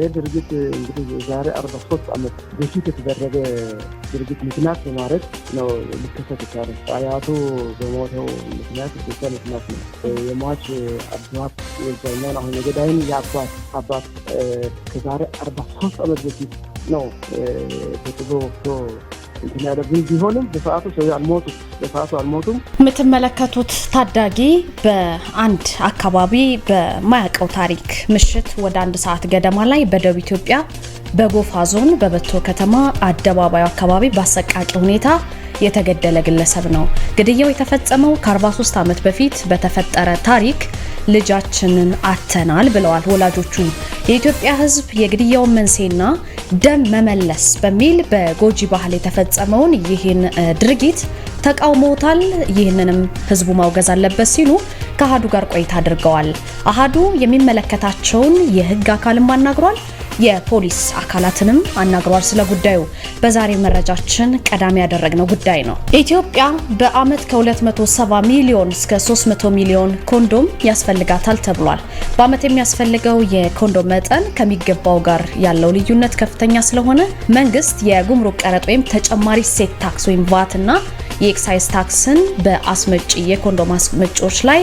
ይህ ድርጊት እንግዲህ የዛሬ አርባ ሶስት ዓመት በፊት የተደረገ ድርጅት ምክንያት በማድረግ ነው ሊከሰት ይቻለ። አያቱ በሞተው ምክንያት ኢትዮጵያ ምክንያት ነው የሟች አባት ይገኛል። አሁን የገዳይን የአባት አባት ከዛሬ አርባ ሶስት ዓመት በፊት ነው ተጥሎ ወቅቶ የሚያደርግም ቢሆንም በሰዓቱ ሰው አልሞቱ በሰዓቱ አልሞቱም። የምትመለከቱት ታዳጊ በአንድ አካባቢ በማያውቀው ታሪክ ምሽት ወደ አንድ ሰዓት ገደማ ላይ በደቡብ ኢትዮጵያ በጎፋ ዞን በበቶ ከተማ አደባባዩ አካባቢ በአሰቃቂ ሁኔታ የተገደለ ግለሰብ ነው። ግድያው የተፈጸመው ከ43 ዓመት በፊት በተፈጠረ ታሪክ ልጃችንን አተናል ብለዋል ወላጆቹ። የኢትዮጵያ ሕዝብ የግድያውን መንስኤና ደም መመለስ በሚል በጎጂ ባህል የተፈጸመውን ይህን ድርጊት ተቃውሞታል። ይህንንም ህዝቡ ማውገዝ አለበት ሲሉ ከአሃዱ ጋር ቆይታ አድርገዋል። አሃዱ የሚመለከታቸውን የህግ አካልም አናግሯል። የፖሊስ አካላትንም አናግሯል። ስለ ጉዳዩ በዛሬ መረጃችን ቀዳሚ ያደረግነው ጉዳይ ነው። ኢትዮጵያ በአመት ከ270 ሚሊዮን እስከ 300 ሚሊዮን ኮንዶም ያስፈልጋታል ተብሏል። በአመት የሚያስፈልገው የኮንዶም መጠን ከሚገባው ጋር ያለው ልዩነት ከፍተኛ ስለሆነ መንግስት የጉምሩክ ቀረጥ ወይም ተጨማሪ ሴት ታክስ ወይም ቫትና የኤክሳይዝ ታክስን በአስመጪ የኮንዶም አስመጪዎች ላይ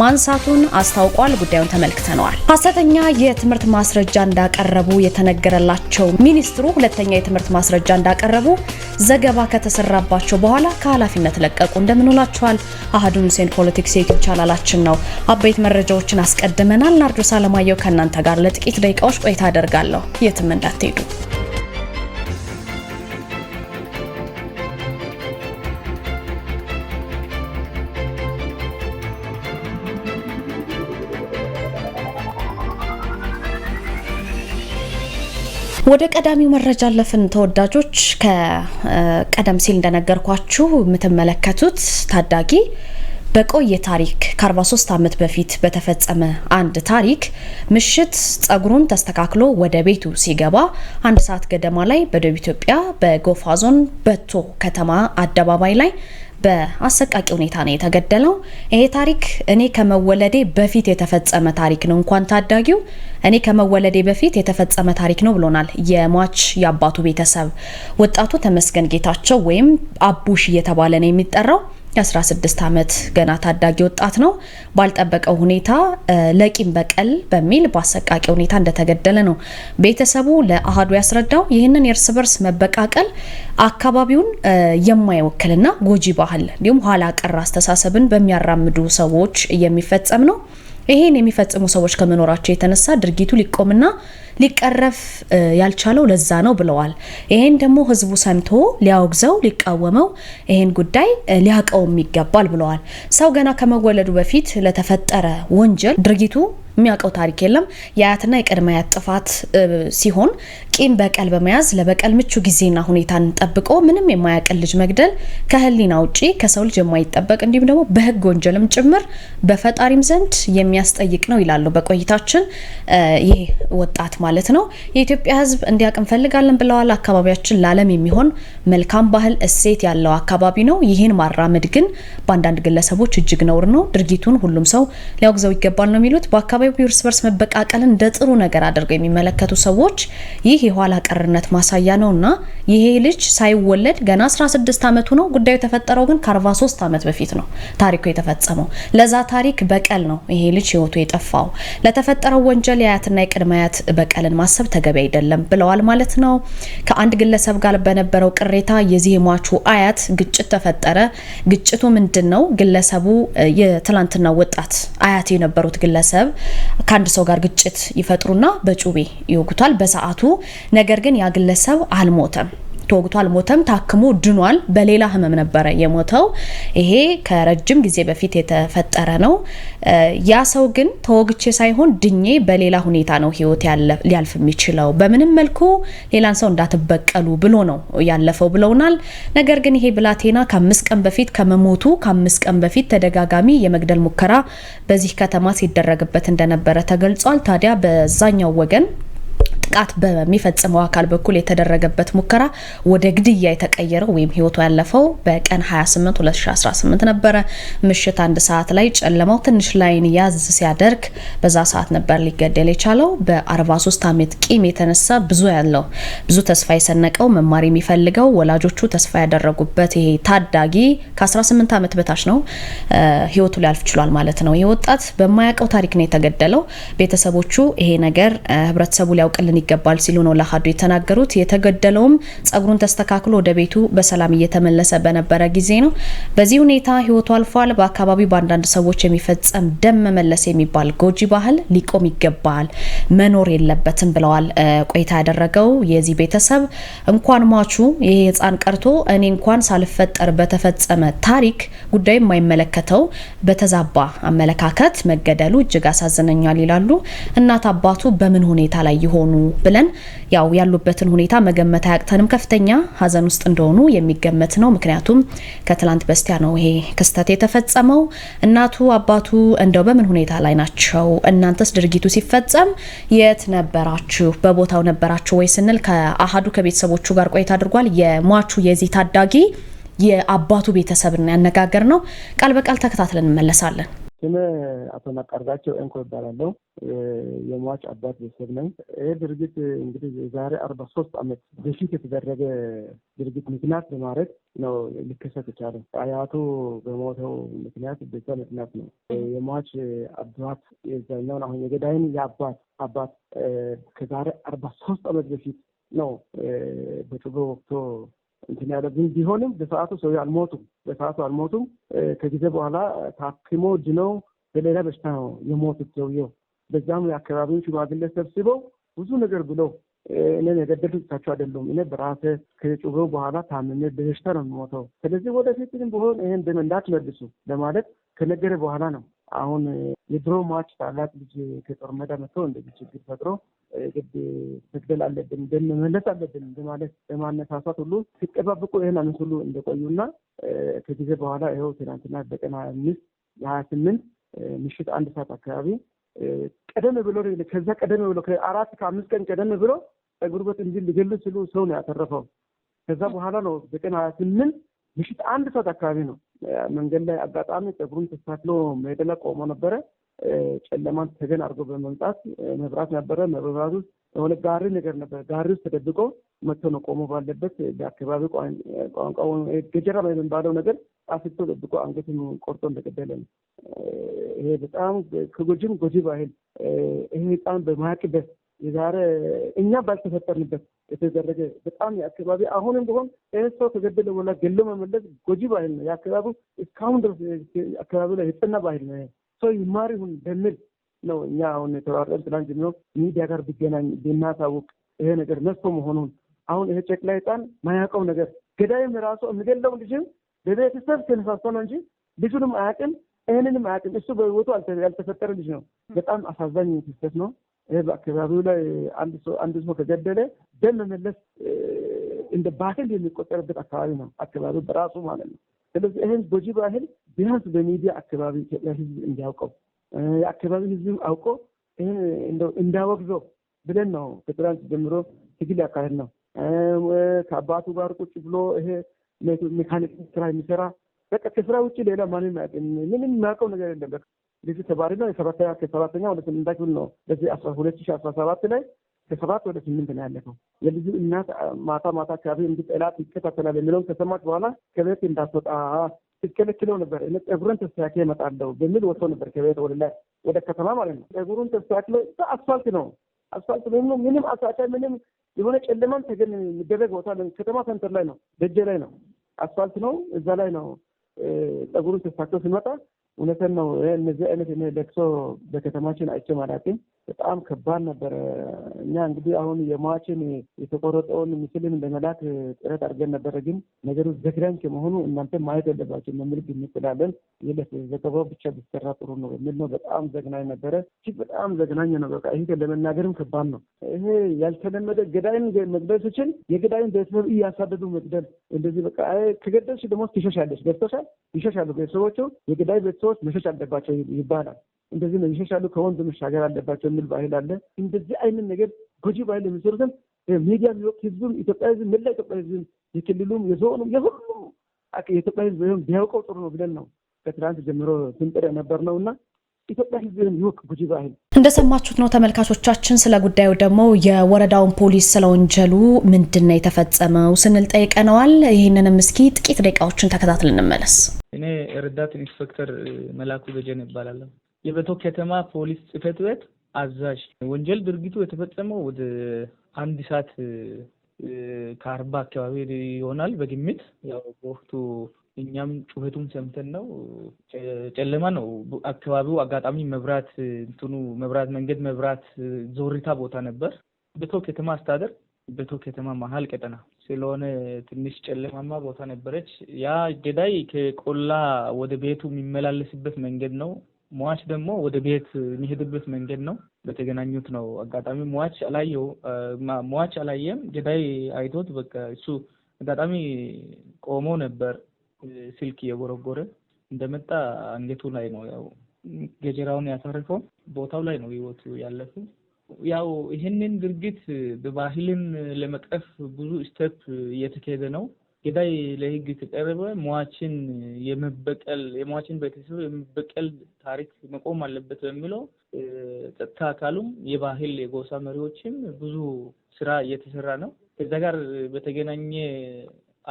ማንሳቱን አስታውቋል። ጉዳዩን ተመልክተነዋል። ሀሰተኛ የትምህርት ማስረጃ እንዳቀረቡ የተነገረላቸው ሚኒስትሩ ሁለተኛ የትምህርት ማስረጃ እንዳቀረቡ ዘገባ ከተሰራባቸው በኋላ ከኃላፊነት ለቀቁ። እንደምንውላችኋል አህዱን ሁሴን ፖለቲክስ የዩቲዩብ ቻናላችን ነው። አበይት መረጃዎችን አስቀድመናል። ናርዶስ አለማየሁ ከእናንተ ጋር ለጥቂት ደቂቃዎች ቆይታ አደርጋለሁ። የትም እንዳትሄዱ። ወደ ቀዳሚው መረጃ አለፍን። ተወዳጆች ከቀደም ሲል እንደነገርኳችሁ የምትመለከቱት ታዳጊ በቆየ ታሪክ ከ43 ዓመት በፊት በተፈጸመ አንድ ታሪክ ምሽት ጸጉሩን ተስተካክሎ ወደ ቤቱ ሲገባ አንድ ሰዓት ገደማ ላይ በደቡብ ኢትዮጵያ በጎፋ ዞን በቶ ከተማ አደባባይ ላይ በአሰቃቂ ሁኔታ ነው የተገደለው። ይሄ ታሪክ እኔ ከመወለዴ በፊት የተፈጸመ ታሪክ ነው፣ እንኳን ታዳጊው እኔ ከመወለዴ በፊት የተፈጸመ ታሪክ ነው ብሎናል የሟች የአባቱ ቤተሰብ። ወጣቱ ተመስገን ጌታቸው ወይም አቡሽ እየተባለ ነው የሚጠራው የ16 ዓመት ገና ታዳጊ ወጣት ነው። ባልጠበቀው ሁኔታ ለቂም በቀል በሚል በአሰቃቂ ሁኔታ እንደተገደለ ነው ቤተሰቡ ለአህዱ ያስረዳው። ይህንን የእርስ በርስ መበቃቀል አካባቢውን የማይወክልና ጎጂ ባህል እንዲሁም ኋላ ቀር አስተሳሰብን በሚያራምዱ ሰዎች የሚፈጸም ነው። ይሄን የሚፈጽሙ ሰዎች ከመኖራቸው የተነሳ ድርጊቱ ሊቆምና ሊቀረፍ ያልቻለው ለዛ ነው ብለዋል። ይሄን ደግሞ ህዝቡ ሰምቶ ሊያወግዘው፣ ሊቃወመው፣ ይሄን ጉዳይ ሊያቀውም ይገባል ብለዋል። ሰው ገና ከመወለዱ በፊት ለተፈጠረ ወንጀል ድርጊቱ የሚያውቀው ታሪክ የለም። የአያትና የቅድመ አያት ጥፋት ሲሆን ቂም በቀል በመያዝ ለበቀል ምቹ ጊዜና ሁኔታን ጠብቆ ምንም የማያውቅን ልጅ መግደል ከህሊና ውጪ ከሰው ልጅ የማይጠበቅ እንዲሁም ደግሞ በህግ ወንጀልም ጭምር በፈጣሪም ዘንድ የሚያስጠይቅ ነው ይላሉ በቆይታችን ይህ ወጣት ማለት ነው። የኢትዮጵያ ህዝብ እንዲያውቅ እንፈልጋለን ብለዋል። አካባቢያችን ለዓለም የሚሆን መልካም ባህል እሴት ያለው አካባቢ ነው። ይህን ማራመድ ግን በአንዳንድ ግለሰቦች እጅግ ነውር ነው። ድርጊቱን ሁሉም ሰው ሊያወግዘው ይገባል ነው የሚሉት በአካባቢ በአካባቢው እርስ በርስ መበቃቀልን እንደ ጥሩ ነገር አድርገው የሚመለከቱ ሰዎች ይህ የኋላ ቀርነት ማሳያ ነውና ይሄ ልጅ ሳይወለድ ገና 16 ዓመቱ ነው። ጉዳዩ የተፈጠረው ግን ከ43 ዓመት በፊት ነው ታሪኩ የተፈጸመው። ለዛ ታሪክ በቀል ነው ይሄ ልጅ ህይወቱ የጠፋው። ለተፈጠረው ወንጀል የአያትና የቅድመ አያት በቀልን ማሰብ ተገቢ አይደለም ብለዋል ማለት ነው። ከአንድ ግለሰብ ጋር በነበረው ቅሬታ የዚህ ሟቹ አያት ግጭት ተፈጠረ። ግጭቱ ምንድን ነው? ግለሰቡ የትላንትና ወጣት አያት የነበሩት ግለሰብ ከአንድ ሰው ጋር ግጭት ይፈጥሩና በጩቤ ይወጉታል በሰዓቱ። ነገር ግን ያ ግለሰብ አልሞተም። ተወግቶ አልሞተም፣ ታክሞ ድኗል። በሌላ ህመም ነበረ የሞተው። ይሄ ከረጅም ጊዜ በፊት የተፈጠረ ነው። ያ ሰው ግን ተወግቼ ሳይሆን ድኜ በሌላ ሁኔታ ነው ህይወት ሊያልፍ የሚችለው፣ በምንም መልኩ ሌላን ሰው እንዳትበቀሉ ብሎ ነው ያለፈው ብለውናል። ነገር ግን ይሄ ብላቴና ከአምስት ቀን በፊት ከመሞቱ ከአምስት ቀን በፊት ተደጋጋሚ የመግደል ሙከራ በዚህ ከተማ ሲደረግበት እንደነበረ ተገልጿል። ታዲያ በዛኛው ወገን ጥቃት በሚፈጽመው አካል በኩል የተደረገበት ሙከራ ወደ ግድያ የተቀየረው ወይም ህይወቱ ያለፈው በቀን 28 2018 ነበረ። ምሽት አንድ ሰዓት ላይ ጨለማው ትንሽ ላይን ያዝ ሲያደርግ በዛ ሰዓት ነበር ሊገደል የቻለው። በ43 ዓመት ቂም የተነሳ ብዙ ያለው ብዙ ተስፋ የሰነቀው መማር የሚፈልገው ወላጆቹ ተስፋ ያደረጉበት ይሄ ታዳጊ ከ18 ዓመት በታች ነው ህይወቱ ሊያልፍ ችሏል ማለት ነው። ይህ ወጣት በማያውቀው ታሪክ ነው የተገደለው። ቤተሰቦቹ ይሄ ነገር ህብረተሰቡ ሊያውቅልን ሊቀጥልን ይገባል ሲሉ ነው ለአሀዱ የተናገሩት። የተገደለውም ጸጉሩን ተስተካክሎ ወደ ቤቱ በሰላም እየተመለሰ በነበረ ጊዜ ነው። በዚህ ሁኔታ ህይወቱ አልፏል። በአካባቢው በአንዳንድ ሰዎች የሚፈጸም ደም መመለስ የሚባል ጎጂ ባህል ሊቆም ይገባል። መኖር የለበትም ብለዋል። ቆይታ ያደረገው የዚህ ቤተሰብ እንኳን ሟቹ ይሄ ህፃን ቀርቶ እኔ እንኳን ሳልፈጠር በተፈጸመ ታሪክ ጉዳይ የማይመለከተው በተዛባ አመለካከት መገደሉ እጅግ አሳዝነኛል ይላሉ። እናት አባቱ በምን ሁኔታ ላይ ይሆኑ ብለን ያው ያሉበትን ሁኔታ መገመት አያቅተንም። ከፍተኛ ሀዘን ውስጥ እንደሆኑ የሚገመት ነው። ምክንያቱም ከትላንት በስቲያ ነው ይሄ ክስተት የተፈጸመው። እናቱ አባቱ እንደው በምን ሁኔታ ላይ ናቸው? እናንተስ ድርጊቱ ሲፈጸም የት ነበራችሁ? በቦታው ነበራችሁ ወይ ስንል ከአሀዱ ከቤተሰቦቹ ጋር ቆይታ አድርጓል። የሟቹ የዚህ ታዳጊ የአባቱ ቤተሰብን ያነጋገር ነው። ቃል በቃል ተከታትለን እንመለሳለን። ስሜ አቶ ነቀርጋቸው እንኮ ይባላለው የሟች አባት ቤተሰብ ነኝ። ይህ ድርጊት እንግዲህ የዛሬ አርባ ሶስት አመት በፊት የተደረገ ድርጊት ምክንያት በማድረግ ነው ሊከሰት ይቻለ አያቱ በሞተው ምክንያት በዛ ምክንያት ነው የሟች አባት የዛኛውን አሁን የገዳይን የአባት አባት ከዛሬ አርባ ሶስት አመት በፊት ነው በጩቤ ወቅቶ እንትን ያለብን ቢሆንም በሰዓቱ ሰው አልሞቱም፣ በሰዓቱ አልሞቱም። ከጊዜ በኋላ ታክሞ ድነው በሌላ በሽታ ነው የሞቱት ሰውየው። በዛም የአካባቢውን ሽማግሌ ሰብስበው ብዙ ነገር ብለው እኔን የገደልኩታቸው አይደሉም። እኔ በራሴ ከጩቤው በኋላ ታምሜ በበሽታ ነው የሚሞተው። ስለዚህ ወደፊት ግን ቢሆን ይህን ደም እንዳትመልሱ ለማለት ከነገረ በኋላ ነው አሁን የድሮ ማች ታላቅ ልጅ ከጦር ሜዳ መጥቶ እንደዚህ ችግር ፈጥሮ ግድ መግደል አለብን ደን መመለስ አለብን በማለት በማነሳሳት ሁሉ ሲጠባብቁ ይህን አመት ሁሉ እንደቆዩና ከጊዜ በኋላ ይኸው ትናንትና በቀን ሀያ አምስት የሀያ ስምንት ምሽት አንድ ሰዓት አካባቢ ቀደም ብሎ ከዛ ቀደም ብሎ ከአራት ከአምስት ቀን ቀደም ብሎ ጉርበት እንጂ ሊገሉ ሲሉ ሰው ነው ያተረፈው። ከዛ በኋላ ነው በቀን ሀያ ስምንት ምሽት አንድ ሰዓት አካባቢ ነው መንገድ ላይ አጋጣሚ ጸጉሩን ተስተካክሎ ሜዳ ላይ ቆሞ ነበረ። ጨለማን ተገን አድርጎ በመምጣት መብራት ነበረ። መብራት ውስጥ የሆነ ጋሪ ነገር ነበረ። ጋሪ ውስጥ ተደብቆ መጥቶ ነው ቆሞ ባለበት በአካባቢ ቋንቋ ገጀራ የሚባለው ነገር አስቶ ደብቆ አንገትን ቆርጦ እንደገደለ ነው። ይሄ በጣም ከጎጅም ጎጅ ባህል ይሄ ህፃን በማያውቅበት የዛሬ እኛ ባልተፈጠርንበት የተደረገ በጣም የአካባቢ አሁንም ቢሆን ይህ ሰው ተገደለ በኋላ ገሎ መመለስ ጎጂ ባህል ነው። የአካባቢ እስካሁን ድረስ አካባቢ ላይ የጠና ባህል ነው። ሰው ይማር ይሁን በሚል ነው እኛ አሁን የተባረን ትናንት ጀምሮ ሚዲያ ጋር ቢገናኝ ብናሳውቅ ይሄ ነገር መጥፎ መሆኑን አሁን ይሄ ጨቅላ ሕፃን ማያውቀው ነገር ገዳይም ራሱ የሚገለው ልጅም በቤተሰብ ተነሳስቶ ነው እንጂ ልጁንም አያውቅም ይህንንም አያውቅም። እሱ በህይወቱ ያልተፈጠረ ልጅ ነው። በጣም አሳዛኝ ክስተት ነው። ይሄ በአካባቢው ላይ አንድ ሰው ከገደለ ደም መመለስ እንደ ባህል የሚቆጠርበት አካባቢ ነው። አካባቢው በራሱ ማለት ነው። ስለዚህ ይህን ጎጂ ባህል ቢያንስ በሚዲያ አካባቢ ኢትዮጵያ ሕዝብ እንዲያውቀው የአካባቢ ሕዝብም አውቆ ይህን እንዳወግዘው ብለን ነው ከትናንት ጀምሮ ትግል ያካሄድ ነው። ከአባቱ ጋር ቁጭ ብሎ ይሄ ሜካኒክ ስራ የሚሰራ በቃ ከስራ ውጭ ሌላ ማንም ምንም የሚያውቀው ነገር የለም። ልጁ ተማሪ ነው። የሰባተኛ ከሰባተኛ ወደ ስምንታ ክፍል ነው። በዚህ ሁለት ሺ አስራ ሰባት ላይ ከሰባት ወደ ስምንት ነው ያለፈው። የልጁ እናት ማታ ማታ አካባቢ እንዲህ ጠላት ይከታተላል የሚለውን ከሰማች በኋላ ከቤት እንዳትወጣ ትከለክለው ነበር። ጸጉሩን ተስተካክሎ ይመጣለው በሚል ወጥቶ ነበር ከቤት ወደ ላይ ወደ ከተማ ማለት ነው። ፀጉሩን ተስተካክሎ አስፋልት ነው አስፋልት ነው። ምንም አሳቻ ምንም የሆነ ጨለማም ተገን የሚደረግ ቦታ ከተማ ሰንተር ላይ ነው፣ ደጀ ላይ ነው፣ አስፋልት ነው። እዛ ላይ ነው ጸጉሩን ተስተካክሎ ሲመጣ እውነትን ነው። እነዚህ አይነት እኔ ለቅሶ በከተማችን አይቼም አላውቅም። በጣም ከባድ ነበረ። እኛ እንግዲህ አሁን የሟችን የተቆረጠውን ምስልን ለመላክ ጥረት አድርገን ነበረ፣ ግን ነገሩ ዘግናኝ ከመሆኑ እናንተ ማየት ያለባቸው የሚል ግምት ስላለን የለት ዘገባው ብቻ ቢሰራ ጥሩ ነው የሚል ነው። በጣም ዘግናኝ ነበረ። እጅግ በጣም ዘግናኝ ነው። በቃ ይህ ለመናገርም ከባድ ነው። ይሄ ያልተለመደ ገዳይን መግደል ስችል የገዳይን ቤተሰብ እያሳደዱ መግደል እንደዚህ በቃ ከገደልሽ ደግሞ ትሸሻለች ገዝቶሻል ይሸሻሉ ቤተሰቦቹ የገዳይ ቤተሰብ ሰዎች መሸሽ አለባቸው ይባላል። እንደዚህ ነው ይሸሻሉ፣ ከወንዝ መሻገር አለባቸው የሚል ባህል አለ። እንደዚህ አይነት ነገር ጎጂ ባህል የሚሰሩትን ሚዲያ የሚወቅ ህዝብም ኢትዮጵያ ህዝብ መላ ኢትዮጵያ ህዝብ የክልሉም የዞኑም የሁሉም የኢትዮጵያ ህዝብ ወይም ቢያውቀው ጥሩ ነው ብለን ነው ከትናንት ጀምሮ ስንጥር የነበር ነው እና ኢትዮጵያ ህዝብን ይወቅ ጉጂ ባህል እንደሰማችሁት ነው ተመልካቾቻችን። ስለ ጉዳዩ ደግሞ የወረዳውን ፖሊስ ስለ ወንጀሉ ምንድን ነው የተፈጸመው ስንል ጠይቀነዋል። ይህንንም እስኪ ጥቂት ደቂቃዎችን ተከታትል እንመለስ። እኔ ረዳት ኢንስፔክተር መላኩ በጀን እባላለሁ። የበቶ ከተማ ፖሊስ ጽህፈት ቤት አዛዥ። ወንጀል ድርጊቱ የተፈጸመው ወደ አንድ ሰዓት ከአርባ አካባቢ ይሆናል በግምት። ያው በወቅቱ እኛም ጩኸቱን ሰምተን ነው። ጨለማ ነው አካባቢው። አጋጣሚ መብራት እንትኑ መብራት መንገድ መብራት ዞሪታ ቦታ ነበር። በቶ ከተማ አስተዳደር፣ በቶ ከተማ መሀል ቀጠና ስለሆነ ትንሽ ጨለማማ ቦታ ነበረች። ያ ገዳይ ከቆላ ወደ ቤቱ የሚመላለስበት መንገድ ነው። ሟች ደግሞ ወደ ቤት የሚሄድበት መንገድ ነው። በተገናኙት ነው አጋጣሚ። ሟች አላየው ሟች አላየም። ገዳይ አይቶት በቃ እሱ አጋጣሚ ቆሞ ነበር ስልክ እየጎረጎረ እንደመጣ አንገቱ ላይ ነው ያው ገጀራውን ያሳረፈው። ቦታው ላይ ነው ህይወቱ ያለፈው። ያው ይህንን ድርጊት በባህልን ለመቅረፍ ብዙ ስቴፕ እየተካሄደ ነው። ገዳይ ለህግ ከቀረበ ሟችን የመበቀል የሟችን ቤተሰብ የመበቀል ታሪክ መቆም አለበት በሚለው ጸጥታ አካሉም የባህል የጎሳ መሪዎችም ብዙ ስራ እየተሰራ ነው። ከዛ ጋር በተገናኘ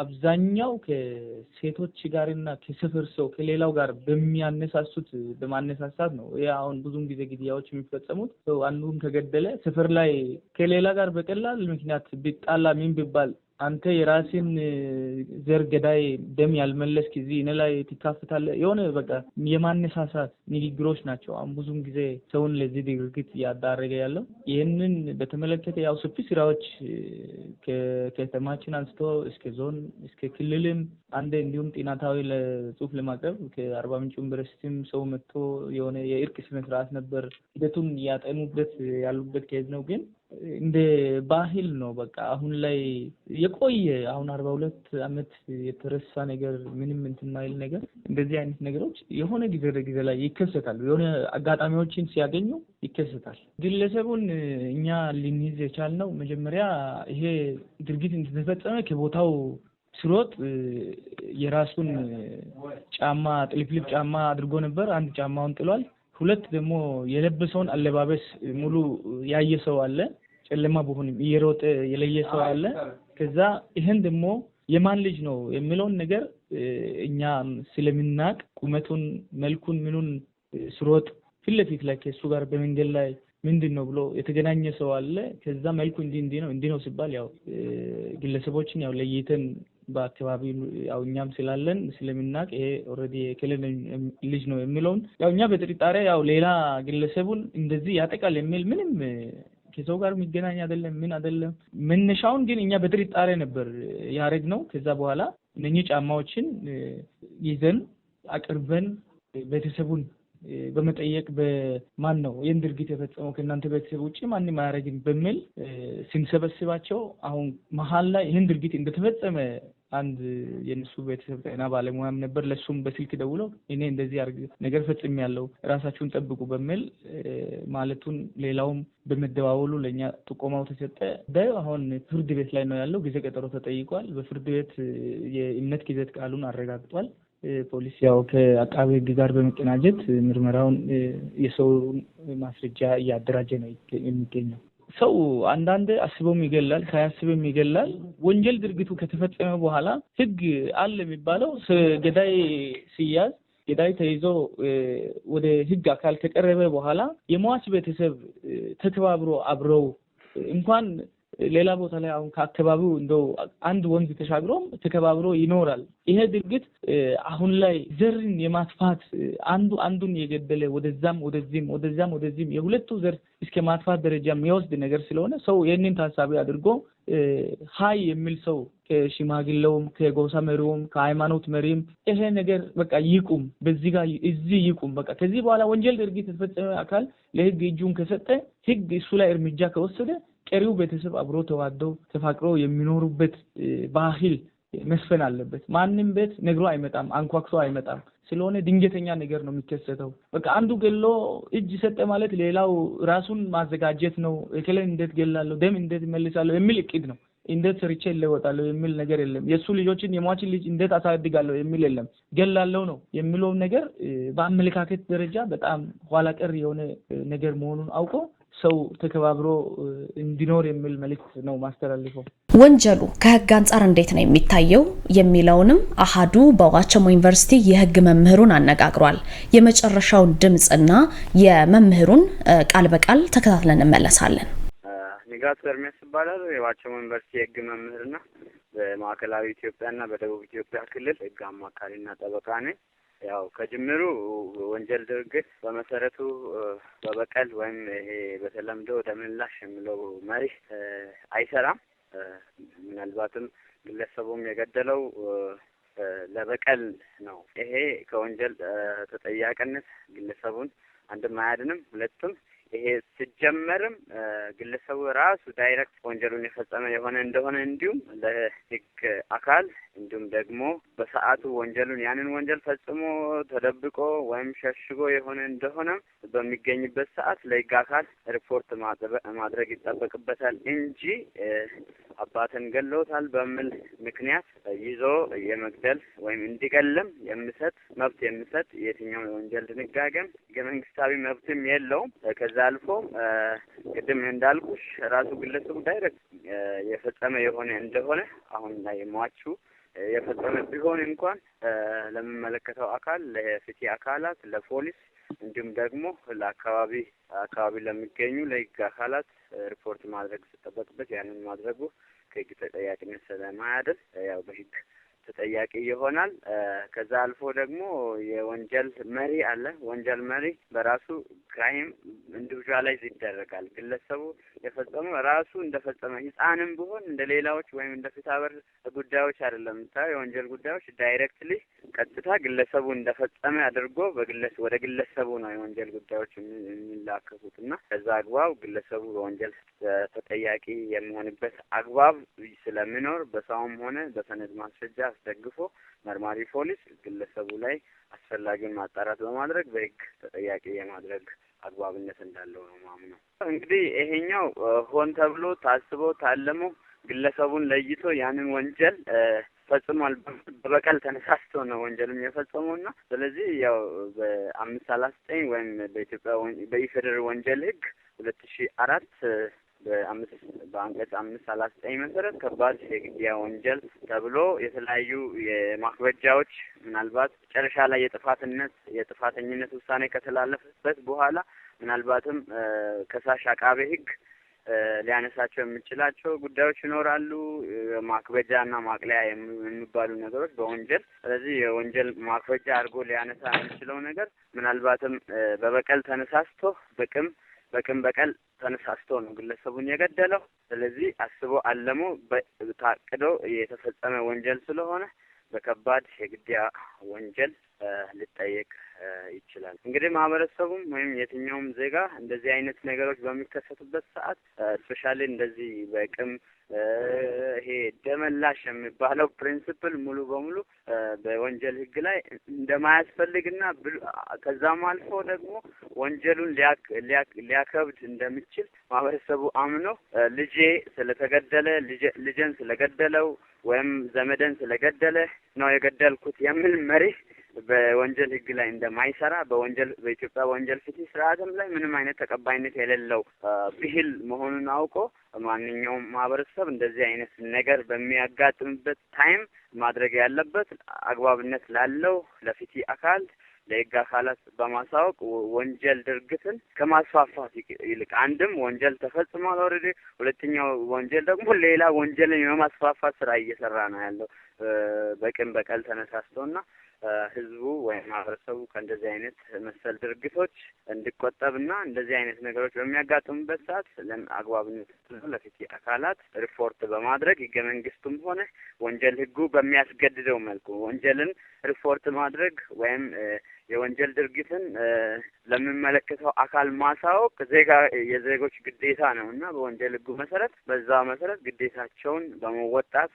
አብዛኛው ከሴቶች ጋርና እና ከሰፈር ሰው ከሌላው ጋር በሚያነሳሱት በማነሳሳት ነው። ይህ አሁን ብዙም ጊዜ ግድያዎች የሚፈጸሙት ሰው ከገደለ ሰፈር ላይ ከሌላ ጋር በቀላል ምክንያት ቢጣላ ምን ቢባል አንተ የራስን ዘር ገዳይ ደም ያልመለስክ እዚህ እኔ ላይ ትካፍታለህ። የሆነ በቃ የማነሳሳት ንግግሮች ናቸው። አሁን ብዙም ጊዜ ሰውን ለዚህ ድርጊት እያዳረገ ያለው ይህንን በተመለከተ ያው ሰፊ ስራዎች ከከተማችን አንስቶ እስከ ዞን እስከ ክልልም አንድ እንዲሁም ጤናታዊ ለጽሁፍ ለማቅረብ ከአርባ ምንጭ ዩኒቨርሲቲም ሰው መጥቶ የሆነ የእርቅ ስነስርዓት ነበር ሂደቱን እያጠኑበት ያሉበት ከሄድ ነው ግን እንደ ባህል ነው። በቃ አሁን ላይ የቆየ አሁን አርባ ሁለት አመት የተረሳ ነገር ምንም እንትን ማይል ነገር እንደዚህ አይነት ነገሮች የሆነ ጊዜ ጊዜ ላይ ይከሰታሉ። የሆነ አጋጣሚዎችን ሲያገኙ ይከሰታል። ግለሰቡን እኛ ልንይዝ የቻልነው መጀመሪያ ይሄ ድርጊት እንደተፈጸመ ከቦታው ስሮጥ የራሱን ጫማ ጥልፍልፍ ጫማ አድርጎ ነበር። አንድ ጫማውን ጥሏል። ሁለት ደግሞ የለበሰውን አለባበስ ሙሉ ያየ ሰው አለ። ጨለማ ቢሆንም እየሮጠ የለየ ሰው አለ። ከዛ ይህን ደግሞ የማን ልጅ ነው የሚለውን ነገር እኛ ስለምናቅ ቁመቱን፣ መልኩን፣ ምኑን ስሮጥ ፊት ለፊት ላይ ከሱ ጋር በመንገድ ላይ ምንድን ነው ብሎ የተገናኘ ሰው አለ። ከዛ መልኩ እንዲህ እንዲህ ነው እንዲህ ነው ሲባል ያው ግለሰቦችን ያው ለይተን በአካባቢ ያው እኛም ስላለን ስለምናቅ ይሄ ኦልሬዲ የክልል ልጅ ነው የሚለውን ያው እኛ በጥርጣሬ ያው ሌላ ግለሰቡን እንደዚህ ያጠቃል የሚል ምንም ከሰው ጋር የሚገናኝ አይደለም፣ ምን አይደለም። መነሻውን ግን እኛ በጥርጣሬ ነበር ያደረግ ነው። ከዛ በኋላ እነኚህ ጫማዎችን ይዘን አቅርበን ቤተሰቡን በመጠየቅ በማን ነው ይህን ድርጊት የፈጸመው ከእናንተ ቤተሰብ ውጭ ማንም አያደርግም በሚል ስንሰበስባቸው አሁን መሀል ላይ ይህን ድርጊት እንደተፈጸመ አንድ የእነሱ ቤተሰብ ጤና ባለሙያም ነበር። ለሱም በስልክ ደውለው እኔ እንደዚህ አርግ ነገር ፈጽም ያለው ራሳችሁን ጠብቁ በሚል ማለቱን ሌላውም በመደባወሉ ለእኛ ጥቆማው ተሰጠ። አሁን ፍርድ ቤት ላይ ነው ያለው። ጊዜ ቀጠሮ ተጠይቋል። በፍርድ ቤት የእምነት ጊዜት ቃሉን አረጋግጧል። ፖሊስ ያው ከአቃቤ ሕግ ጋር በመቀናጀት ምርመራውን የሰውን ማስረጃ እያደራጀ ነው የሚገኘው። ሰው አንዳንድ አስበውም ይገላል፣ ሳያስብም ይገላል። ወንጀል ድርጊቱ ከተፈጸመ በኋላ ህግ አለ የሚባለው ገዳይ ሲያዝ ገዳይ ተይዞ ወደ ህግ አካል ከቀረበ በኋላ የሟች ቤተሰብ ተከባብሮ አብረው እንኳን ሌላ ቦታ ላይ አሁን ከአካባቢው እንደው አንድ ወንዝ ተሻግሮም ተከባብሮ ይኖራል። ይሄ ድርጊት አሁን ላይ ዘርን የማጥፋት አንዱ አንዱን የገደለ ወደዛም ወደዚህም ወደዛም ወደዚህም የሁለቱ ዘር እስከ ማጥፋት ደረጃ የሚወስድ ነገር ስለሆነ ሰው ይህንን ታሳቢ አድርጎ ሀይ የሚል ሰው ከሽማግሌውም ከጎሳ መሪውም ከሃይማኖት መሪም ይሄ ነገር በቃ ይቁም፣ በዚህ ጋር እዚህ ይቁም። በቃ ከዚህ በኋላ ወንጀል ድርጊት የተፈጸመ አካል ለህግ እጁን ከሰጠ ህግ እሱ ላይ እርምጃ ከወሰደ ቀሪው ቤተሰብ አብሮ ተዋደው ተፋቅሮ የሚኖሩበት ባህል መስፈን አለበት። ማንም ቤት ነግሮ አይመጣም፣ አንኳክሶ አይመጣም። ስለሆነ ድንገተኛ ነገር ነው የሚከሰተው። በቃ አንዱ ገሎ እጅ ሰጠ ማለት ሌላው ራሱን ማዘጋጀት ነው። እክለን እንዴት ገላለሁ፣ ደም እንዴት መልሳለሁ የሚል እቅድ ነው። እንዴት ሰርቼ እለወጣለሁ የሚል ነገር የለም። የእሱ ልጆችን የሟችን ልጅ እንዴት አሳድጋለሁ የሚል የለም። ገላለው ነው የሚለውን ነገር በአመለካከት ደረጃ በጣም ኋላቀር የሆነ ነገር መሆኑን አውቆ ሰው ተከባብሮ እንዲኖር የሚል መልእክት ነው ማስተላልፈው። ወንጀሉ ከህግ አንጻር እንዴት ነው የሚታየው የሚለውንም አሃዱ በዋቸሞ ዩኒቨርሲቲ የህግ መምህሩን አነጋግሯል። የመጨረሻውን ድምፅና የመምህሩን ቃል በቃል ተከታትለን እንመለሳለን። ንጋት በርሜስ ይባላል። የዋቸሞ ዩኒቨርሲቲ የህግ መምህርና በማዕከላዊ ኢትዮጵያና በደቡብ ኢትዮጵያ ክልል ህግ አማካሪና ጠበቃ ነኝ። ያው ከጅምሩ ወንጀል ድርጊት በመሰረቱ በበቀል ወይም ይሄ በተለምዶ ደምላሽ የሚለው መሪ አይሰራም። ምናልባትም ግለሰቡም የገደለው ለበቀል ነው። ይሄ ከወንጀል ተጠያቂነት ግለሰቡን አንድም አያድንም፣ ሁለትም ይሄ ሲጀመርም ግለሰቡ ራሱ ዳይሬክት ወንጀሉን የፈጸመ የሆነ እንደሆነ እንዲሁም ለህግ አካል እንዲሁም ደግሞ በሰዓቱ ወንጀሉን ያንን ወንጀል ፈጽሞ ተደብቆ ወይም ሸሽጎ የሆነ እንደሆነም በሚገኝበት ሰዓት ለህግ አካል ሪፖርት ማድረግ ይጠበቅበታል እንጂ አባትን ገለውታል በሚል ምክንያት ይዞ የመግደል ወይም እንዲገልም የምሰጥ መብት የምሰጥ የትኛው የወንጀል ድንጋገም ህገ መንግስታዊ መብትም የለውም ከዛ አልፎም ቅድም እንዳልኩሽ ራሱ ግለሰቡ ዳይሬክት የፈጸመ የሆነ እንደሆነ አሁን ላይ ሟቹ የፈጸመ ቢሆን እንኳን ለሚመለከተው አካል ለፍትህ አካላት፣ ለፖሊስ እንዲሁም ደግሞ ለአካባቢ አካባቢ ለሚገኙ ለህግ አካላት ሪፖርት ማድረግ ስጠበቅበት ያንን ማድረጉ ከህግ ተጠያቂነት ስለማያደርስ ያው በህግ ተጠያቂ ይሆናል። ከዛ አልፎ ደግሞ የወንጀል መሪ አለ። ወንጀል መሪ በራሱ ክራይም ኢንዲቪዥዋላይዝ ይደረጋል። ግለሰቡ የፈጸመው ራሱ እንደፈጸመ ህፃንም ቢሆን እንደ ሌላዎች ወይም እንደ ፊታበር ጉዳዮች አይደለም። የወንጀል ጉዳዮች ዳይሬክትሊ ቀጥታ ግለሰቡ እንደፈጸመ አድርጎ በግለሰ ወደ ግለሰቡ ነው የወንጀል ጉዳዮች የሚላከፉት እና ከዛ አግባብ ግለሰቡ በወንጀል ተጠያቂ የሚሆንበት አግባብ ስለሚኖር በሰውም ሆነ በሰነድ ማስረጃ አስደግፎ መርማሪ ፖሊስ ግለሰቡ ላይ አስፈላጊውን ማጣራት በማድረግ በህግ ተጠያቂ የማድረግ አግባብነት እንዳለው ነው ማምነው። እንግዲህ ይሄኛው ሆን ተብሎ ታስቦ ታለሞ ግለሰቡን ለይቶ ያንን ወንጀል ፈጽሟል በበቀል ተነሳስቶ ነው ወንጀልም የፈጸመው እና ስለዚህ ያው በአምስት ሰላሳ ዘጠኝ ወይም በኢትዮጵያ በኢፌዴሪ ወንጀል ህግ ሁለት ሺህ አራት በአምስት በአንቀጽ አምስት ሰላሳ ዘጠኝ መሰረት ከባድ የግድያ ወንጀል ተብሎ የተለያዩ የማክበጃዎች ምናልባት መጨረሻ ላይ የጥፋትነት የጥፋተኝነት ውሳኔ ከተላለፈበት በኋላ ምናልባትም ከሳሽ አቃቤ ሕግ ሊያነሳቸው የምችላቸው ጉዳዮች ይኖራሉ። ማክበጃ እና ማቅለያ የሚባሉ ነገሮች በወንጀል ስለዚህ የወንጀል ማክበጃ አድርጎ ሊያነሳ የሚችለው ነገር ምናልባትም በበቀል ተነሳስቶ በቅም በቀን በቀል ተነሳስቶ ነው ግለሰቡን የገደለው። ስለዚህ አስቦ አለሙ ታቅዶ የተፈጸመ ወንጀል ስለሆነ በከባድ የግድያ ወንጀል ሊጠየቅ ይችላል። እንግዲህ ማህበረሰቡም ወይም የትኛውም ዜጋ እንደዚህ አይነት ነገሮች በሚከሰቱበት ሰዓት ስፔሻሊ እንደዚህ በቅም ይሄ ደመላሽ የሚባለው ፕሪንስፕል ሙሉ በሙሉ በወንጀል ሕግ ላይ እንደማያስፈልግና ከዛም አልፎ ደግሞ ወንጀሉን ሊያከብድ እንደሚችል ማህበረሰቡ አምኖ ልጄ ስለተገደለ ልጄን ስለገደለው ወይም ዘመደን ስለገደለ ነው የገደልኩት የሚል መሪ በወንጀል ህግ ላይ እንደማይሰራ በወንጀል በኢትዮጵያ ወንጀል ፍትህ ስርዓትም ላይ ምንም አይነት ተቀባይነት የሌለው ብሂል መሆኑን አውቆ ማንኛውም ማህበረሰብ እንደዚህ አይነት ነገር በሚያጋጥምበት ታይም ማድረግ ያለበት አግባብነት ላለው ለፍትህ አካል ለህግ አካላት በማሳወቅ ወንጀል ድርግትን ከማስፋፋት ይልቅ አንድም ወንጀል ተፈጽሟል ኦልሬዲ፣ ሁለተኛው ወንጀል ደግሞ ሌላ ወንጀልን የማስፋፋት ስራ እየሰራ ነው ያለው። በቅን በቀል ተነሳስተውና ህዝቡ ወይም ማህበረሰቡ ከእንደዚህ አይነት መሰል ድርጊቶች እንዲቆጠብና እንደዚህ አይነት ነገሮች በሚያጋጥሙበት ሰዓት አግባብነት ለፊት አካላት ሪፖርት በማድረግ ህገ መንግስቱም ሆነ ወንጀል ህጉ በሚያስገድደው መልኩ ወንጀልን ሪፖርት ማድረግ ወይም የወንጀል ድርጊትን ለሚመለከተው አካል ማሳወቅ ዜጋ የዜጎች ግዴታ ነው እና በወንጀል ህጉ መሰረት በዛ መሰረት ግዴታቸውን በመወጣት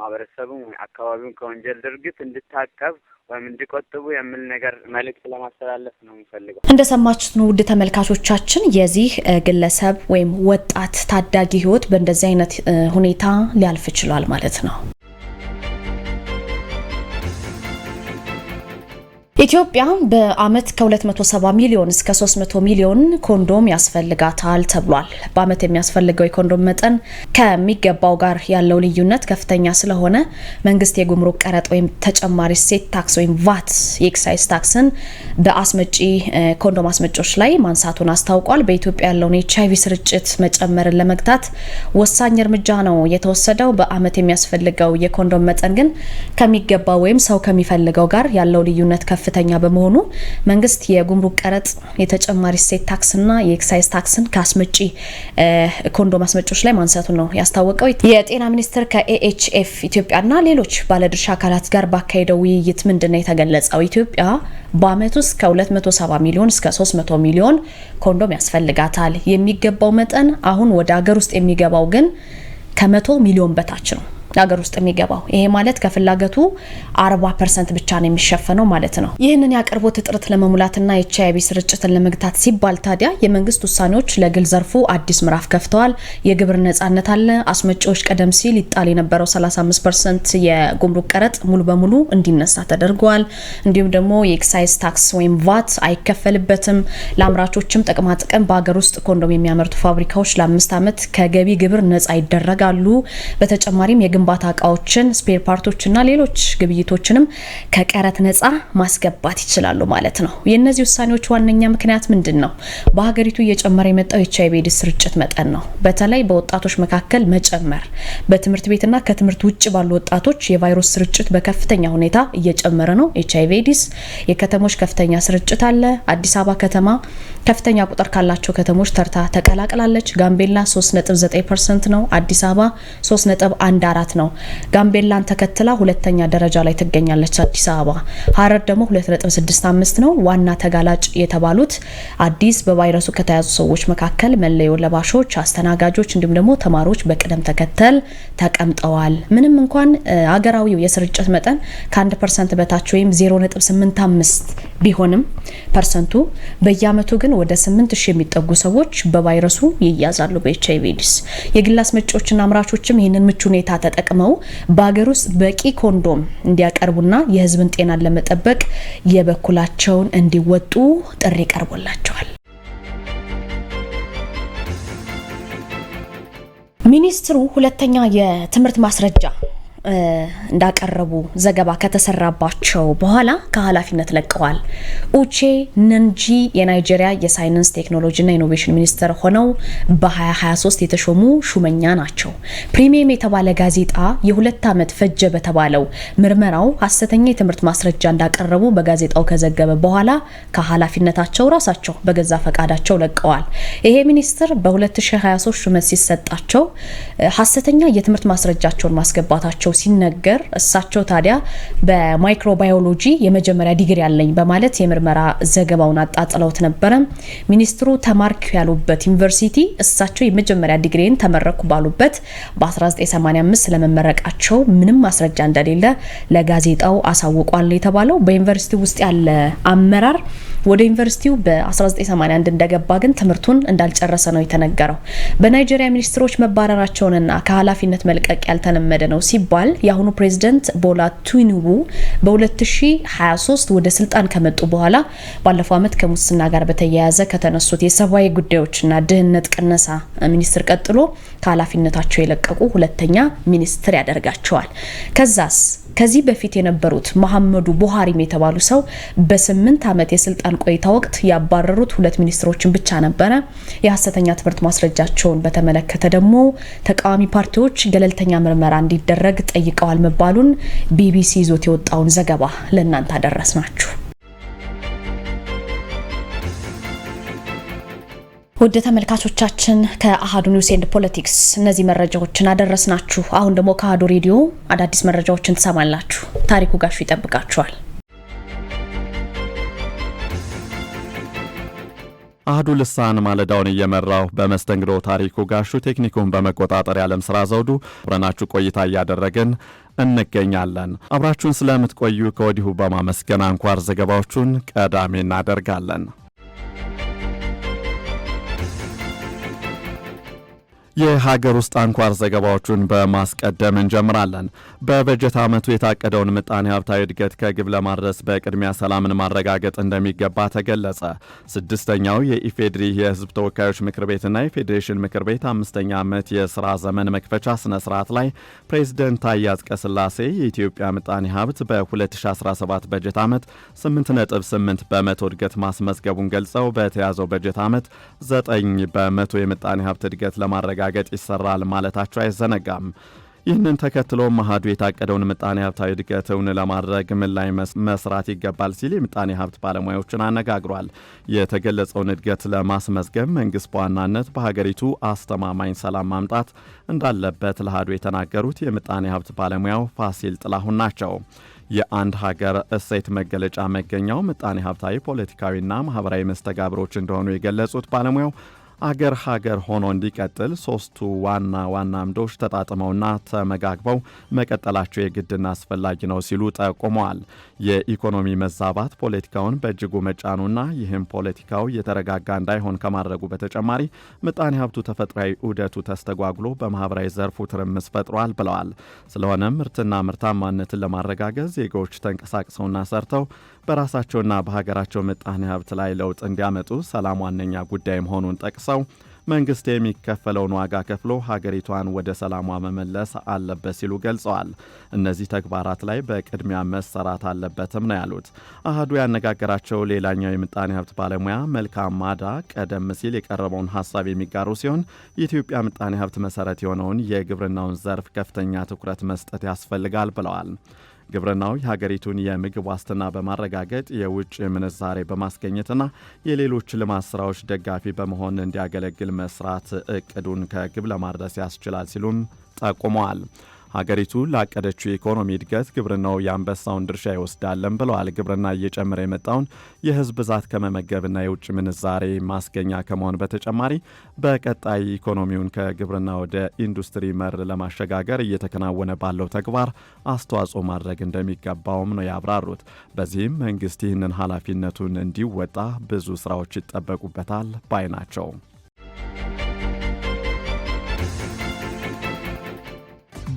ማህበረሰቡም አካባቢውን ከወንጀል ድርጊት እንድታቀብ ወይም እንዲቆጥቡ የሚል ነገር መልእክት ለማስተላለፍ ነው የሚፈልገው። እንደሰማችሁት ነው ውድ ተመልካቾቻችን፣ የዚህ ግለሰብ ወይም ወጣት ታዳጊ ህይወት በእንደዚህ አይነት ሁኔታ ሊያልፍ ችሏል ማለት ነው። ኢትዮጵያ በአመት ከ270 ሚሊዮን እስከ 300 ሚሊዮን ኮንዶም ያስፈልጋታል ተብሏል። በአመት የሚያስፈልገው የኮንዶም መጠን ከሚገባው ጋር ያለው ልዩነት ከፍተኛ ስለሆነ መንግስት የጉምሩክ ቀረጥ ወይም ተጨማሪ ሴት ታክስ ወይም ቫት የኤክሳይዝ ታክስን በአስመጪ ኮንዶም አስመጪዎች ላይ ማንሳቱን አስታውቋል። በኢትዮጵያ ያለውን የኤች አይቪ ስርጭት መጨመርን ለመግታት ወሳኝ እርምጃ ነው የተወሰደው። በአመት የሚያስፈልገው የኮንዶም መጠን ግን ከሚገባው ወይም ሰው ከሚፈልገው ጋር ያለው ልዩነት ከፍ ከፍተኛ በመሆኑ መንግስት የጉምሩክ ቀረጥ፣ የተጨማሪ እሴት ታክስና የኤክሳይዝ ታክስን ከአስመጪ ኮንዶም አስመጪዎች ላይ ማንሳቱ ነው ያስታወቀው። የጤና ሚኒስቴር ከኤኤችኤፍ ኢትዮጵያና ሌሎች ባለድርሻ አካላት ጋር ባካሄደው ውይይት ምንድነው የተገለጸው? ኢትዮጵያ በአመት ውስጥ ከ270 ሚሊዮን እስከ 300 ሚሊዮን ኮንዶም ያስፈልጋታል። የሚገባው መጠን አሁን ወደ ሀገር ውስጥ የሚገባው ግን ከመቶ ሚሊዮን በታች ነው። ሀገር ውስጥ የሚገባው። ይሄ ማለት ከፍላጎቱ 40 ፐርሰንት ብቻ ነው የሚሸፈነው ማለት ነው። ይህንን የአቅርቦት እጥረት ለመሙላትና ኤች አይ ቪ ስርጭትን ለመግታት ሲባል ታዲያ የመንግስት ውሳኔዎች ለግል ዘርፉ አዲስ ምዕራፍ ከፍተዋል። የግብር ነጻነት አለ። አስመጪዎች ቀደም ሲል ይጣል የነበረው 35 ፐርሰንት የጉምሩክ ቀረጥ ሙሉ በሙሉ እንዲነሳ ተደርገዋል። እንዲሁም ደግሞ የኤክሳይዝ ታክስ ወይም ቫት አይከፈልበትም። ለአምራቾችም ጥቅማጥቅም በሀገር ውስጥ ኮንዶም የሚያመርቱ ፋብሪካዎች ለአምስት ዓመት ከገቢ ግብር ነጻ ይደረጋሉ። በተጨማሪም የግንባ የግንባታ እቃዎችን፣ ስፔር ፓርቶችና ሌሎች ግብይቶችንም ከቀረጥ ነጻ ማስገባት ይችላሉ ማለት ነው። የእነዚህ ውሳኔዎች ዋነኛ ምክንያት ምንድን ነው? በሀገሪቱ እየጨመረ የመጣው የኤች አይቪ ኤድስ ስርጭት መጠን ነው። በተለይ በወጣቶች መካከል መጨመር፣ በትምህርት ቤትና ከትምህርት ውጭ ባሉ ወጣቶች የቫይረስ ስርጭት በከፍተኛ ሁኔታ እየጨመረ ነው። ኤች አይ ቪ ኤድስ የከተሞች ከፍተኛ ስርጭት አለ። አዲስ አበባ ከተማ ከፍተኛ ቁጥር ካላቸው ከተሞች ተርታ ተቀላቅላለች። ጋምቤላ 3.9 ፐርሰንት ነው። አዲስ አበባ 3.14 ሆናት ነው። ጋምቤላን ተከትላ ሁለተኛ ደረጃ ላይ ትገኛለች አዲስ አበባ። ሀረር ደግሞ 2.65 ነው። ዋና ተጋላጭ የተባሉት አዲስ በቫይረሱ ከተያዙ ሰዎች መካከል መለዮ ለባሾች፣ አስተናጋጆች እንዲሁም ደግሞ ተማሪዎች በቅደም ተከተል ተቀምጠዋል። ምንም እንኳን አገራዊው የስርጭት መጠን ከ1 ፐርሰንት በታች ወይም 0.85 ቢሆንም ፐርሰንቱ በየአመቱ ግን ወደ 8000 የሚጠጉ ሰዎች በቫይረሱ ይያዛሉ በኤች አይ ቪ ኤድስ የግል አስመጪዎችና አምራቾችም ይህንን ምቹ ሁኔታ ተጠቅመው በሀገር ውስጥ በቂ ኮንዶም እንዲያቀርቡና የህዝብን ጤናን ለመጠበቅ የበኩላቸውን እንዲወጡ ጥሪ ቀርቦላቸዋል። ሚኒስትሩ ሁለተኛ የትምህርት ማስረጃ እንዳቀረቡ ዘገባ ከተሰራባቸው በኋላ ከኃላፊነት ለቀዋል። ኡቼ ነንጂ የናይጄሪያ የሳይንስ ቴክኖሎጂና ኢኖቬሽን ሚኒስትር ሆነው በ2023 የተሾሙ ሹመኛ ናቸው። ፕሪሚየም የተባለ ጋዜጣ የሁለት ዓመት ፈጀ በተባለው ምርመራው ሀሰተኛ የትምህርት ማስረጃ እንዳቀረቡ በጋዜጣው ከዘገበ በኋላ ከኃላፊነታቸው ራሳቸው በገዛ ፈቃዳቸው ለቀዋል። ይሄ ሚኒስትር በ2023 ሹመት ሲሰጣቸው ሀሰተኛ የትምህርት ማስረጃቸውን ማስገባታቸው ሲነገር እሳቸው ታዲያ በማይክሮባዮሎጂ የመጀመሪያ ዲግሪ ያለኝ በማለት የምርመራ ዘገባውን አጣጥለውት ነበረ። ሚኒስትሩ ተማርኩ ያሉበት ዩኒቨርሲቲ እሳቸው የመጀመሪያ ዲግሪን ተመረኩ ባሉበት በ1985 ስለመመረቃቸው ምንም ማስረጃ እንደሌለ ለጋዜጣው አሳውቋል የተባለው በዩኒቨርሲቲ ውስጥ ያለ አመራር ወደ ዩኒቨርሲቲው በ1981 እንደገባ ግን ትምህርቱን እንዳልጨረሰ ነው የተነገረው። በናይጄሪያ ሚኒስትሮች መባረራቸውንና ከኃላፊነት መልቀቅ ያልተለመደ ነው ሲባል እንኳን የአሁኑ ፕሬዝደንት ቦላ ቲኑቡ በ2023 ወደ ስልጣን ከመጡ በኋላ ባለፈው ዓመት ከሙስና ጋር በተያያዘ ከተነሱት የሰብአዊ ጉዳዮችና ድህነት ቅነሳ ሚኒስትር ቀጥሎ ከኃላፊነታቸው የለቀቁ ሁለተኛ ሚኒስትር ያደርጋቸዋል። ከዛስ ከዚህ በፊት የነበሩት መሐመዱ ቡሃሪም የተባሉ ሰው በስምንት ዓመት የስልጣን ቆይታ ወቅት ያባረሩት ሁለት ሚኒስትሮችን ብቻ ነበረ። የሀሰተኛ ትምህርት ማስረጃቸውን በተመለከተ ደግሞ ተቃዋሚ ፓርቲዎች ገለልተኛ ምርመራ እንዲደረግ ጠይቀዋል መባሉን ቢቢሲ ይዞት የወጣውን ዘገባ ለእናንተ ናችሁ። ውድ ተመልካቾቻችን ከአሀዱ ኒውስ ኤንድ ፖለቲክስ እነዚህ መረጃዎችን አደረስናችሁ። አሁን ደግሞ ከአሀዱ ሬዲዮ አዳዲስ መረጃዎችን ትሰማላችሁ። ታሪኩ ጋሹ ይጠብቃችኋል። አህዱ ልሳን ማለዳውን እየመራው በመስተንግዶ ታሪኩ ጋሹ፣ ቴክኒኩን በመቆጣጠር የዓለም ስራ ዘውዱ አብረናችሁ ቆይታ እያደረግን እንገኛለን። አብራችሁን ስለምትቆዩ ከወዲሁ በማመስገን አንኳር ዘገባዎቹን ቀዳሚ እናደርጋለን። የሀገር ውስጥ አንኳር ዘገባዎቹን በማስቀደም እንጀምራለን። በበጀት ዓመቱ የታቀደውን ምጣኔ ሀብታዊ እድገት ከግብ ለማድረስ በቅድሚያ ሰላምን ማረጋገጥ እንደሚገባ ተገለጸ። ስድስተኛው የኢፌድሪ የሕዝብ ተወካዮች ምክር ቤትና የፌዴሬሽን ምክር ቤት አምስተኛ ዓመት የስራ ዘመን መክፈቻ ስነ ስርዓት ላይ ፕሬዚደንት ታዬ አጽቀሥላሴ የኢትዮጵያ ምጣኔ ሀብት በ2017 በጀት ዓመት 8.8 በመቶ እድገት ማስመዝገቡን ገልጸው በተያዘው በጀት ዓመት 9 በመቶ የምጣኔ ሀብት እድገት ለማረጋ። ለማረጋገጥ ይሰራል ማለታቸው አይዘነጋም። ይህንን ተከትሎ አሃዱ የታቀደውን ምጣኔ ሀብታዊ እድገት እውን ለማድረግ ምን ላይ መስራት ይገባል ሲል የምጣኔ ሀብት ባለሙያዎችን አነጋግሯል። የተገለጸውን እድገት ለማስመዝገብ መንግስት በዋናነት በሀገሪቱ አስተማማኝ ሰላም ማምጣት እንዳለበት ለሀዱ የተናገሩት የምጣኔ ሀብት ባለሙያው ፋሲል ጥላሁን ናቸው። የአንድ ሀገር እሴት መገለጫ መገኛው ምጣኔ ሀብታዊ፣ ፖለቲካዊና ማህበራዊ መስተጋብሮች እንደሆኑ የገለጹት ባለሙያው አገር ሀገር ሆኖ እንዲቀጥል ሶስቱ ዋና ዋና አምዶች ተጣጥመውና ተመጋግበው መቀጠላቸው የግድና አስፈላጊ ነው ሲሉ ጠቁመዋል። የኢኮኖሚ መዛባት ፖለቲካውን በእጅጉ መጫኑና ይህም ፖለቲካው የተረጋጋ እንዳይሆን ከማድረጉ በተጨማሪ ምጣኔ ሀብቱ ተፈጥሯዊ ዑደቱ ተስተጓጉሎ በማህበራዊ ዘርፉ ትርምስ ፈጥሯል ብለዋል። ስለሆነም ምርትና ምርታማነትን ለማረጋገጥ ዜጎች ተንቀሳቅሰውና ሰርተው በራሳቸውና በሀገራቸው ምጣኔ ሀብት ላይ ለውጥ እንዲያመጡ ሰላም ዋነኛ ጉዳይ መሆኑን ጠቅሰው መንግስት የሚከፈለውን ዋጋ ከፍሎ ሀገሪቷን ወደ ሰላሟ መመለስ አለበት ሲሉ ገልጸዋል። እነዚህ ተግባራት ላይ በቅድሚያ መሰራት አለበትም ነው ያሉት። አህዱ ያነጋገራቸው ሌላኛው የምጣኔ ሀብት ባለሙያ መልካም ማዳ ቀደም ሲል የቀረበውን ሀሳብ የሚጋሩ ሲሆን የኢትዮጵያ ምጣኔ ሀብት መሰረት የሆነውን የግብርናውን ዘርፍ ከፍተኛ ትኩረት መስጠት ያስፈልጋል ብለዋል። ግብርናው የሀገሪቱን የምግብ ዋስትና በማረጋገጥ የውጭ ምንዛሬ በማስገኘትና የሌሎች ልማት ስራዎች ደጋፊ በመሆን እንዲያገለግል መስራት እቅዱን ከግብ ለማድረስ ያስችላል ሲሉም ጠቁመዋል። ሀገሪቱ ላቀደችው የኢኮኖሚ እድገት ግብርናው የአንበሳውን ድርሻ ይወስዳለን ብለዋል። ግብርና እየጨመረ የመጣውን የህዝብ ብዛት ከመመገብና የውጭ ምንዛሬ ማስገኛ ከመሆን በተጨማሪ በቀጣይ ኢኮኖሚውን ከግብርና ወደ ኢንዱስትሪ መር ለማሸጋገር እየተከናወነ ባለው ተግባር አስተዋጽኦ ማድረግ እንደሚገባውም ነው ያብራሩት። በዚህም መንግስት ይህንን ኃላፊነቱን እንዲወጣ ብዙ ስራዎች ይጠበቁበታል ባይ ናቸው።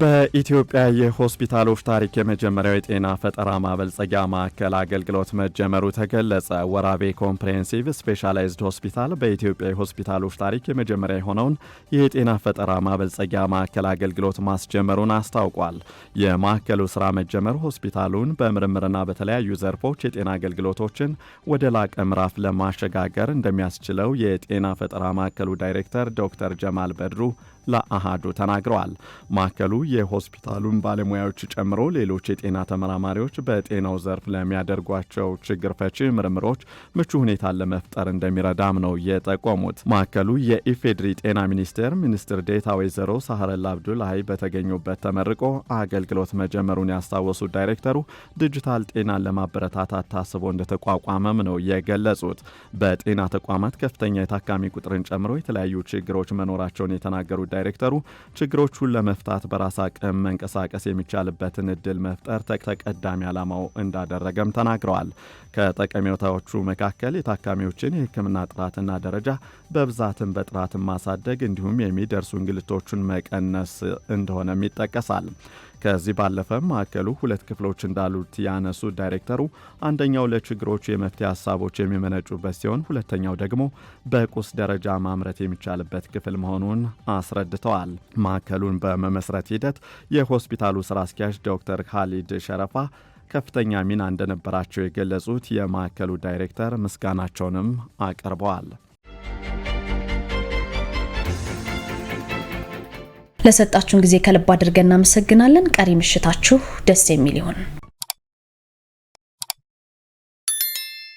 በኢትዮጵያ የሆስፒታሎች ታሪክ የመጀመሪያው የጤና ፈጠራ ማበልጸጊያ ማዕከል አገልግሎት መጀመሩ ተገለጸ። ወራቤ ኮምፕሬሄንሲቭ ስፔሻላይዝድ ሆስፒታል በኢትዮጵያ የሆስፒታሎች ታሪክ የመጀመሪያ የሆነውን የጤና ፈጠራ ማበልጸጊያ ማዕከል አገልግሎት ማስጀመሩን አስታውቋል። የማዕከሉ ስራ መጀመር ሆስፒታሉን በምርምርና በተለያዩ ዘርፎች የጤና አገልግሎቶችን ወደ ላቀ ምዕራፍ ለማሸጋገር እንደሚያስችለው የጤና ፈጠራ ማዕከሉ ዳይሬክተር ዶክተር ጀማል በድሩ ለአሃዱ ተናግረዋል። ማዕከሉ የሆስፒታሉን ባለሙያዎች ጨምሮ ሌሎች የጤና ተመራማሪዎች በጤናው ዘርፍ ለሚያደርጓቸው ችግር ፈቺ ምርምሮች ምቹ ሁኔታን ለመፍጠር እንደሚረዳም ነው የጠቆሙት። ማዕከሉ የኢፌድሪ ጤና ሚኒስቴር ሚኒስትር ዴታ ወይዘሮ ሳህረላ አብዱላሂ በተገኙበት ተመርቆ አገልግሎት መጀመሩን ያስታወሱት ዳይሬክተሩ ዲጂታል ጤናን ለማበረታታት ታስቦ እንደተቋቋመም ነው የገለጹት። በጤና ተቋማት ከፍተኛ የታካሚ ቁጥርን ጨምሮ የተለያዩ ችግሮች መኖራቸውን የተናገሩት ዳይሬክተሩ ችግሮቹን ለመፍታት በራስ አቅም መንቀሳቀስ የሚቻልበትን እድል መፍጠር ተቀዳሚ ዓላማው እንዳደረገም ተናግረዋል። ከጠቀሜታዎቹ መካከል የታካሚዎችን የሕክምና ጥራትና ደረጃ በብዛትን በጥራትን ማሳደግ እንዲሁም የሚደርሱ እንግልቶቹን መቀነስ እንደሆነም ይጠቀሳል። ከዚህ ባለፈ ማዕከሉ ሁለት ክፍሎች እንዳሉት ያነሱት ዳይሬክተሩ አንደኛው ለችግሮቹ የመፍትሄ ሀሳቦች የሚመነጩበት ሲሆን ሁለተኛው ደግሞ በቁስ ደረጃ ማምረት የሚቻልበት ክፍል መሆኑን አስረድተዋል። ማዕከሉን በመመስረት ሂደት የሆስፒታሉ ስራ አስኪያጅ ዶክተር ካሊድ ሸረፋ ከፍተኛ ሚና እንደነበራቸው የገለጹት የማዕከሉ ዳይሬክተር ምስጋናቸውንም አቅርበዋል። ለሰጣችሁን ጊዜ ከልብ አድርገን እናመሰግናለን። ቀሪ ምሽታችሁ ደስ የሚል ይሆን።